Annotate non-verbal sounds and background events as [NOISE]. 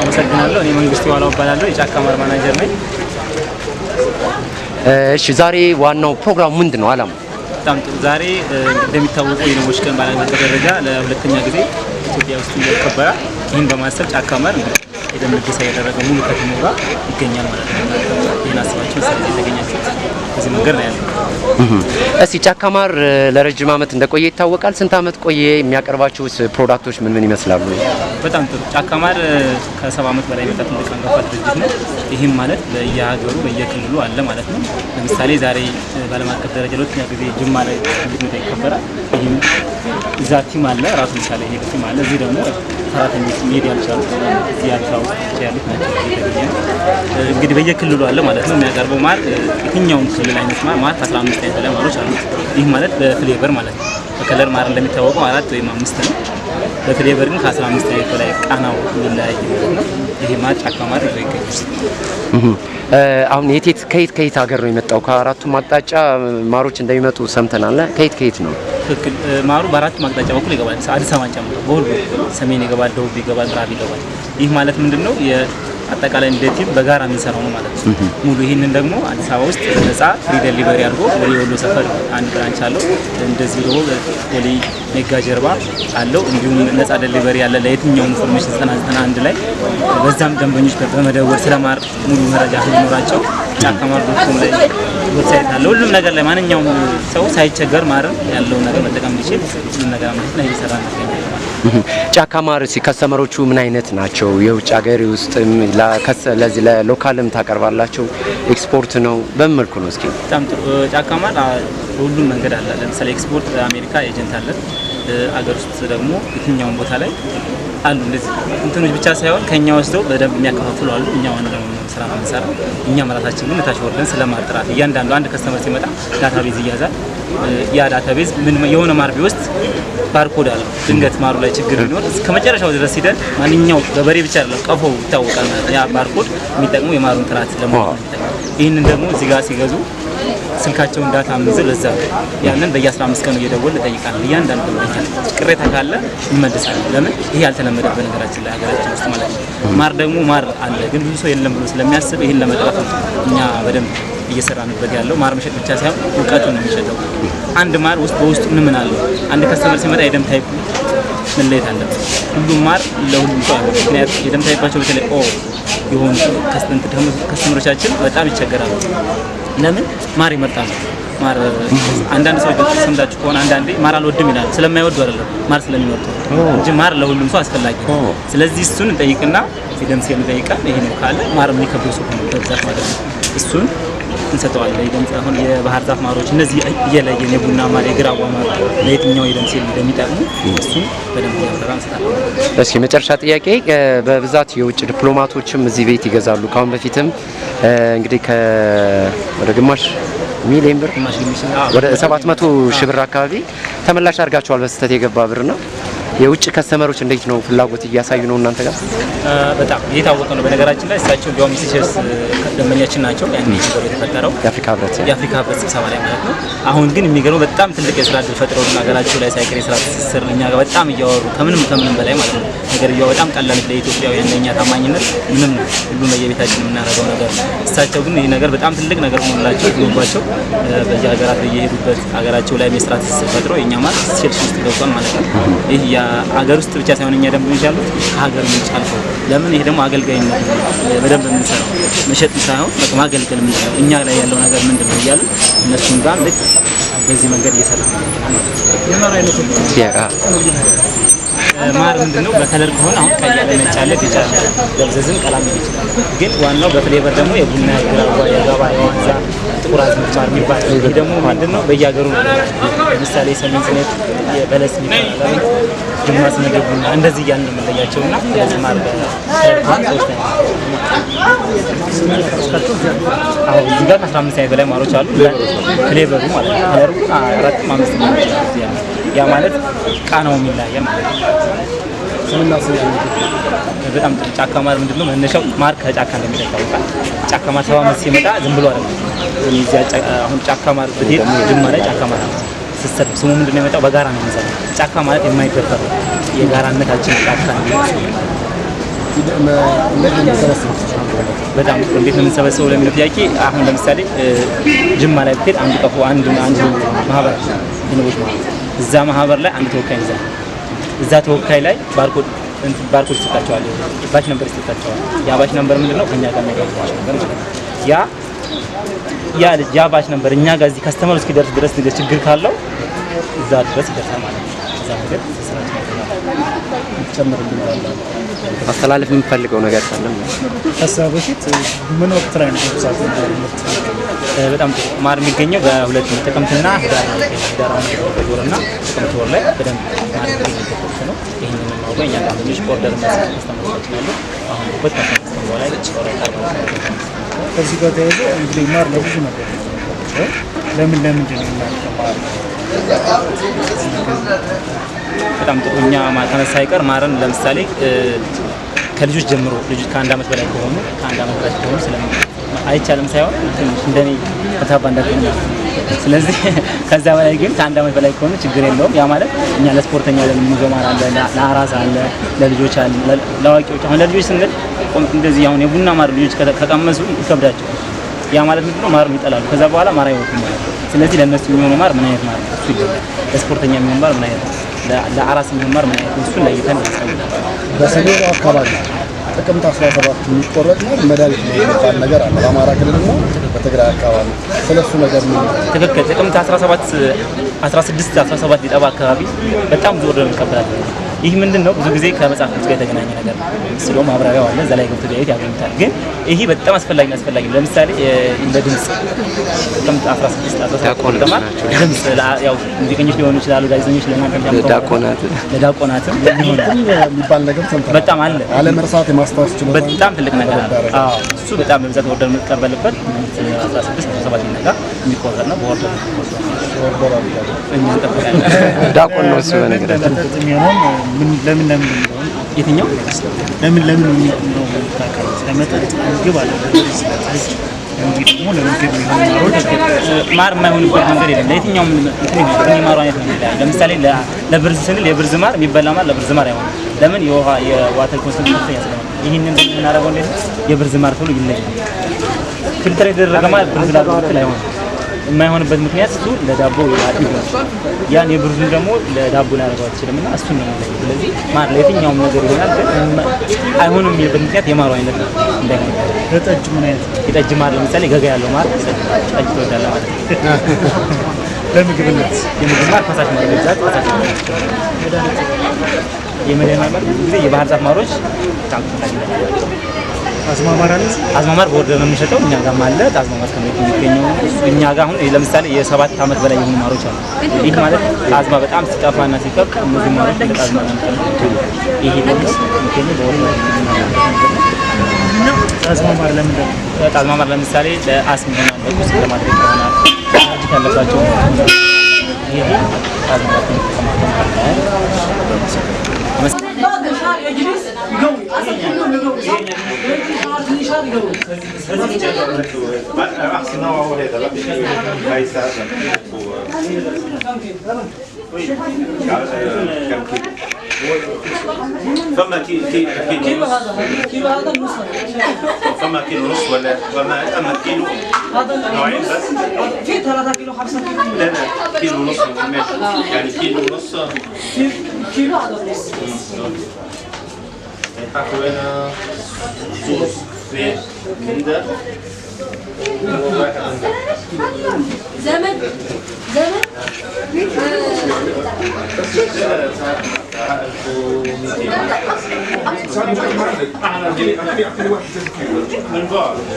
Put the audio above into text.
አመሰግናለሁ። እኔ መንግስት ዋላው እባላለሁ። የጫካ ማር ማናጀር ነኝ። እሺ፣ ዛሬ ዋናው ፕሮግራም ምንድን ነው? አላማ በጣም ጥሩ። ዛሬ እንደሚታወቀው የንቦች ቀን ባለም አቀፍ ደረጃ ለሁለተኛ ጊዜ ኢትዮጵያ ውስጥ ይከበራል። ይህን በማሰብ ጫካ ማር የደም ልገሳ እያደረገ ሙሉ ከተማ ጋር ይገኛል ማለት ነው። ሌላ አስባችን ስለ የተገኛችሁት በዚህ መንገድ ነው ያለው። እስቲ ጫካ ማር ለረጅም ዓመት እንደቆየ ይታወቃል። ስንት ዓመት ቆየ? የሚያቀርባቸው ፕሮዳክቶች ምን ምን ይመስላሉ? በጣም ጥሩ። ጫካ ማር ከሰባ ዓመት በላይ መጣት እንደቀንገፋ ድርጅት ነው። ይህም ማለት በየሀገሩ በየክልሉ አለ ማለት ነው። ለምሳሌ ዛሬ በዓለም አቀፍ ደረጃ ለሁለተኛ ጊዜ ጅማ ላይ ትልቅ ይከበራል። ይህም እዛ ቲም አለ ራሱ ምሳሌ ይሄ ቲም አለ። እዚህ ደግሞ ሰራተኞች መሄድ ያልቻሉ እዚህ አዲስ ያሉት ናቸው። እንግዲህ በየክልሉ አለ ማለት ነው የሚያቀርበው ማር። የትኛውም ክልል አይነት ማር ማለት 15 አይነት ማሮች አሉ። ይህ ማለት በፍሌቨር ማለት ነው። በከለር ማር እንደሚታወቀው አራት ወይም አምስት ነው። በፍሌቨር ግን ከ15 አይነት በላይ ቃናው የሚለያይ ማለት ነው። ይሄ ማር ጫካ ማር ይዞ ይገኛል። አሁን የት ከየት ከየት ሀገር ነው የመጣው? ከአራቱም አቅጣጫ ማሮች እንደሚመጡ ሰምተናል። ከየት ከየት ነው በትክክል ማሩ በአራት ማቅጣጫ በኩል ይገባል። አዲስ አበባን ጨምሮ በሁሉ ሰሜን ይገባል፣ ደቡብ ይገባል፣ ምዕራብ ይገባል። ይህ ማለት ምንድን ነው? አጠቃላይ እንደ ቲም በጋራ የምንሰራው ነው ማለት ነው። ሙሉ ይህንን ደግሞ አዲስ አበባ ውስጥ ነጻ ፍሪ ደሊቨሪ አድርጎ ወደ ወሎ ሰፈር አንድ ብራንች አለው። እንደዚህ ደግሞ ፖሊ ሜጋ ጀርባ አለው። እንዲሁም ነጻ ደሊቨሪ ያለ ለየትኛው ኢንፎርሜሽን ዘጠና ዘጠና አንድ ላይ በዛም ደንበኞች በመደወል ስለማር ሙሉ መረጃ እንዲኖራቸው ጫካ ዶትኮም ላይ ዌብሳይት አለ። ሁሉም ነገር ላይ ማንኛውም ሰው ሳይቸገር ማርን ያለውን ነገር መጠቀም እንዲችል ሁሉም ነገር አመት ላይ እየሰራ ነው። [LAUGHS] ጫካ ማር ከስተመሮቹ ምን አይነት ናቸው? የውጭ ሀገር ውስጥም ለዚህ ለሎካልም ታቀርባላቸው? ኤክስፖርት ነው በምን መልኩ ነው? እስኪ በጣም ጥሩ ጫካ ማር ሁሉም መንገድ አለ። ለምሳሌ ኤክስፖርት አሜሪካ ኤጀንት አለን አገር ውስጥ ደግሞ የትኛውን ቦታ ላይ አሉ። እንደዚህ እንትኖች ብቻ ሳይሆን ከእኛ ወስደው በደንብ የሚያከፋፍሉ አሉ። እኛ ዋናውን ስራ ነው የምንሰራው። እኛም ራሳችን ግን እታች ወርደን ስለማጥራት እያንዳንዱ አንድ ከስተመር ሲመጣ ዳታ ቤዝ ይያዛል። ያ ዳታ ቤዝ ምን የሆነ ማርቢ ውስጥ ባርኮድ አለ። ድንገት ማሩ ላይ ችግር ቢኖር እስከ መጨረሻው ድረስ ሂደን ማንኛው በበሬ ብቻ አይደለም ቀፎ ይታወቃል። ያ ባርኮድ የሚጠቅመው የማሩን ጥራት ለማወቅ ይህንን ደግሞ እዚህ ጋር ሲገዙ ስልካቸውን ዳታ ምዝ ለዛ ያንን በየ15 ቀኑ እየደወል እጠይቃለሁ። እያንዳንዱ ደንበኛ ቅሬታ ካለ እንመልሳለን። ለምን ይሄ ያልተለመደ በነገራችን ላይ ሀገራችን ውስጥ ማለት ነው። ማር ደግሞ ማር አለ፣ ግን ብዙ ሰው የለም ብሎ ስለሚያስብ ይህን ለመጥራት እኛ በደንብ እየሰራንበት ያለው። ማር መሸጥ ብቻ ሳይሆን እውቀቱን ነው የሚሸጠው። አንድ ማር ውስጥ በውስጡ ምን ምን አለው? አንድ ከስተመር ሲመጣ የደም ታይፕ መለየት አለበት። ሁሉም ማር ለሁሉም ሰው አለ። ምክንያቱ የደም ታይፓቸው በተለይ ኦ የሆኑ ከስተንት ደግሞ ከስተመሮቻችን በጣም ይቸገራሉ። ለምን ማር ይመርጣሉ? ማር አንዳንድ ሰዎች ሰምታችሁ ከሆነ አንዳንዴ ማር አልወድም ይላል። ስለማይወዱ አይደለም ማር ስለሚወዱ እንጂ ማር ለሁሉም ሰው አስፈላጊ ነው። ስለዚህ እሱን እንጠይቅና ፊደም ሲል ይሄ ነው ካለ ማር የሚከብደው ሰው ነው በብዛት ማለት ነው እሱን እንሰጠዋለን። የደም አሁን የባህር ዛፍ ማሮች እነዚህ እየለየን የቡና ማር፣ የግራዋ ማር ለየትኛው የደም ሴል እንደሚጠቅሙ እሱን በደንብ እያብራራ እንሰጣለን። እስኪ መጨረሻ ጥያቄ በብዛት የውጭ ዲፕሎማቶችም እዚህ ቤት ይገዛሉ። ከአሁን በፊትም እንግዲህ ወደ ግማሽ ሚሊዮን ብር ወደ 700 ሺህ ብር አካባቢ ተመላሽ አድርጋችኋል። በስህተት የገባ ብር ነው የውጭ ከስተመሮች እንዴት ነው ፍላጎት እያሳዩ ነው እናንተ ጋር? በጣም እየታወቀ ነው። በነገራችን ላይ እሳቸው ቢሆን ሚስቸስ ደንበኛችን ናቸው። ያን ችግር የተፈጠረው የአፍሪካ ህብረት የአፍሪካ ህብረት ስብሰባ ላይ ማለት ነው። አሁን ግን የሚገርመው በጣም ትልቅ የስራ እድል ፈጥረው ሀገራቸው ላይ ሳይቀር የስራ ትስስር እኛ ጋር በጣም እያወሩ ከምንም ከምንም በላይ ማለት ነው ነገር እያወ በጣም ቀላል ለኢትዮጵያውያን ለእኛ ታማኝነት ምንም ነው ሁሉ በየቤታችን የምናደርገው ነገር። እሳቸው ግን ይህ ነገር በጣም ትልቅ ነገር ሆኖላቸው ግንባቸው በዚህ ሀገራት እየሄዱበት ሀገራቸው ላይ የስራ ትስስር ፈጥረው የእኛ ማለት ሴልስ ውስጥ ገብቷል ማለት ነው ይህ አገር ውስጥ ብቻ ሳይሆን እኛ ደንበኞች ያሉት ከሀገር ምንጭ አልፎ ለምን ይሄ ደግሞ አገልጋይነት በደንብ የምንሰራው መሸጥ ሳይሆን በቃ ማገልገል የምንችለው እኛ ላይ ያለው ነገር ምንድን ነው እያሉ እነሱም ጋር ልክ በዚህ መንገድ እየሰራ ነው። ማር ምንድን ነው በከለር ከሆነ አሁን ቀይ ያለ ነጭ ደብዘዝም ቀላም ይችላል። ግን ዋናው በፍሌቨር ደግሞ የቡና የግራዋ የጋባ የዋንዛ ጥቁር አዝሙድ ማር የሚባል ይህ ደግሞ ምንድን ነው በየሀገሩ ለምሳሌ ሰሜን ስኔት የበለስ የሚባለው ጅማ ስነገር ቡና እንደዚህ እያልን ነው የምንለያቸው እና እዚህ ጋር ከአስራ አምስት አይነት በላይ ማሮች አሉ። ፍሌቨሩ ማለት ነው ከለሩ አራት አምስት ያ ማለት ቃናው የሚለያየ ማለት ነው። በጣም ጥሩ ጫካ ማር ምንድን ነው መነሻው? ማር ከጫካ እንደሚመጣ ይታወቃል። ጫካ ማር ሰባ ዓመት ሲመጣ ዝም ብሎ አይደለም። አሁን ጫካ ማር ብትሄድ ጅማ ላይ ጫካ ማር ስትሰሩ ስሙ ምንድን ነው የመጣው? በጋራ ነው የሚሰራው። ጫካ ማለት የማይደፈር የጋራነታችን ጫካ በጣም እንዴት ነው የምንሰበስበው ለሚለው ጥያቄ አሁን ለምሳሌ ጅማ ላይ ብትሄድ አንድ ቀፎ አንድ አንድ ማህበር የንቦች ማህበር እዛ ማህበር ላይ አንድ ተወካይ ይዛል። እዛ ተወካይ ላይ ባርኮድ ባርኮድ ይሰጣቸዋል፣ ባች ነበር ይሰጣቸዋል። ያ ባች ነበር ምንድነው ከኛ ጋር ነገር ያ ያ ልጅ ነበር እኛ ጋር እዚህ ከስተመር እስኪደርስ ድረስ ነገር ችግር ካለው እዛ ድረስ ይደርሳል ማለት ነው። እዛ ነገር ማስተላለፍ የምፈልገው ነገር ካለ በፊት ምን ወቅት ላይ ነው? በጣም ጥሩ ማር የሚገኘው በሁለት ጥቅምትና ዳራ ወርና ጥቅምት ወር ላይ በደንብ ማር የሚገኝበት ነው። የምናውቀው እኛ ጋር ኦርደር አሁን ላይ ኦርደር ከዚህ ጋር ተያይዞ እንግዲህ ማር ለብዙ ነገር ለምን ለምንድን ነው ማር በጣም ጥሩ። እኛ ተነሳ ሳይቀር ማርን ለምሳሌ ከልጆች ጀምሮ ልጆች ከአንድ አመት በላይ ከሆኑ ከአንድ አመት በላይ ከሆኑ ስለምን አይቻልም ሳይሆን እንደኔ ከታባ እንዳገኛ ስለዚህ [LAUGHS] ከዛ በላይ ግን ከአንድ አመት በላይ ከሆኑ ችግር የለውም። ያ ማለት እኛ ለስፖርተኛ ለምንዞ አለ፣ ለአራስ አለ፣ ለልጆች አለ፣ ለአዋቂዎች አሁን ለልጆች ስንል እንደዚህ አሁን የቡና ማር ልጆች ከቀመሱ ይከብዳቸዋል። ያ ማለት ምንድን ነው? ማሩን ይጠላሉ። ከዛ በኋላ ማር አይወጡም ማለት ነው። ስለዚህ ለእነሱ የሚሆነው ማር ምን አይነት ማር ነው? እሱ ይጀምራል። ለስፖርተኛ የሚሆን ማር ምን አይነት ነው? ለአራስ የሚሆን ማር ምን አይነት ነው? እሱን ለይተን ያስቀምጣል። በሰሜኑ አካባቢ ጥቅምት 17 የሚቆረጥ ነው መድኃኒት ነው የሚባል ነገር አለ። በአማራ ክልል ክልልና በትግራይ አካባቢ ስለሱ ነገር ነው። ትክክል። ጥቅምት 17 16 17 ሊጠባ አካባቢ በጣም ዞር ደም ይቀበላል። ይህ ምንድን ነው? ብዙ ጊዜ ከመጽሐፍ ቅዱስ ጋር የተገናኘ ነገር ነው። ስለው ማብራሪያው አለ እዛ ላይ ገብቶ ቢያየት ያገኙታል። ግን ይሄ በጣም አስፈላጊ አስፈላጊ ነው። ለምሳሌ እንደ ድምጽ ጥቅምት 16 16 ድምጽ ያው ሙዚቀኞች ሊሆኑ ይችላሉ፣ ጋዜጠኞች ለማንተም ዳቆናት ለዳቆናት የሚባል ነገር ሰምተናል። በጣም አለ አለመርሳት የማስታወስ ችሎታ በጣም ትልቅ ነገር አለ። አዎ እሱ በጣም በብዛት ወደ የምንቀበልበት 16 17 ነገር የሚቆረጥ ነው። በወር እንጠብቃለን። ነው ለምን ለምን የትኛው ለምን ለምን ምግብ አለ ማር የማይሆንበት መንገድ የለም። ለየትኛውም የማሩ አይነት ነው። ለምሳሌ ለብርዝ ስንል የብርዝ ማር የሚበላ ማር ለብርዝ ማር አይሆንም። ለምን የውሃ የዋተር ኮንሰንት ከፍተኛ ስለሆነ ይህንን የምናደርገው እንዴት ነው? የብርዝ ማር ተብሎ ይለያል። ፊልተር የተደረገ ማር ብርዝ አይሆንም። የማይሆንበት ምክንያት እሱ ለዳቦ አጥሚት ያን የብርዙን ደግሞ ለዳቦ ላደርገው አልችልም እና እሱ ነው ስለዚህ ማር ለየትኛውም ነገር ይሆናል፣ ግን አይሆንም የሚልበት ምክንያት የማሩ አይነት ነው እንዳይሆን። የጠጅ ምን አይነት የጠጅ ማር ለምሳሌ ገጋ ያለው ማር ጠጅ ትወዳለህ ማለት ነው። ለምግብነት የምግብ ማር ፈሳሽ ማር በብዛት ፈሳሽ ማር የመድኃኒት ማር ጊዜ የባህር ዛፍ ማሮች ታቁታል። አዝማማር አለ። ነው የሚሸጠው። እኛ ጋር አለ አዝማማር ከመሄድ የሚገኘው እኛ ጋር አሁን ለምሳሌ የሰባት ዓመት በላይ የሆኑ ማሮች አሉ። ይህ ማለት አዝማ በጣም ሲጠፋና ሲጠብቅ እነዚህ ማሮች ለአዝማ ይሄ ደግሞ የሚገኘው በወርደር አዝማማር ለምሳሌ ለአስም ይሆናል፣ ለቁስል ለማድረግ ይሆናል ያለባቸው ይሄ شهر احسن نوع هو هذا فما كيلو كيلو هذا كيلو هذا النص فما كيلو نص ولا فما اما كيلو نوعين بس في 3 كيلو 5 كيلو لا لا كيلو نص ماشي يعني كيلو نص كيلو هذا نص هيحطوا نعم. هنا صوص في من زمن زمن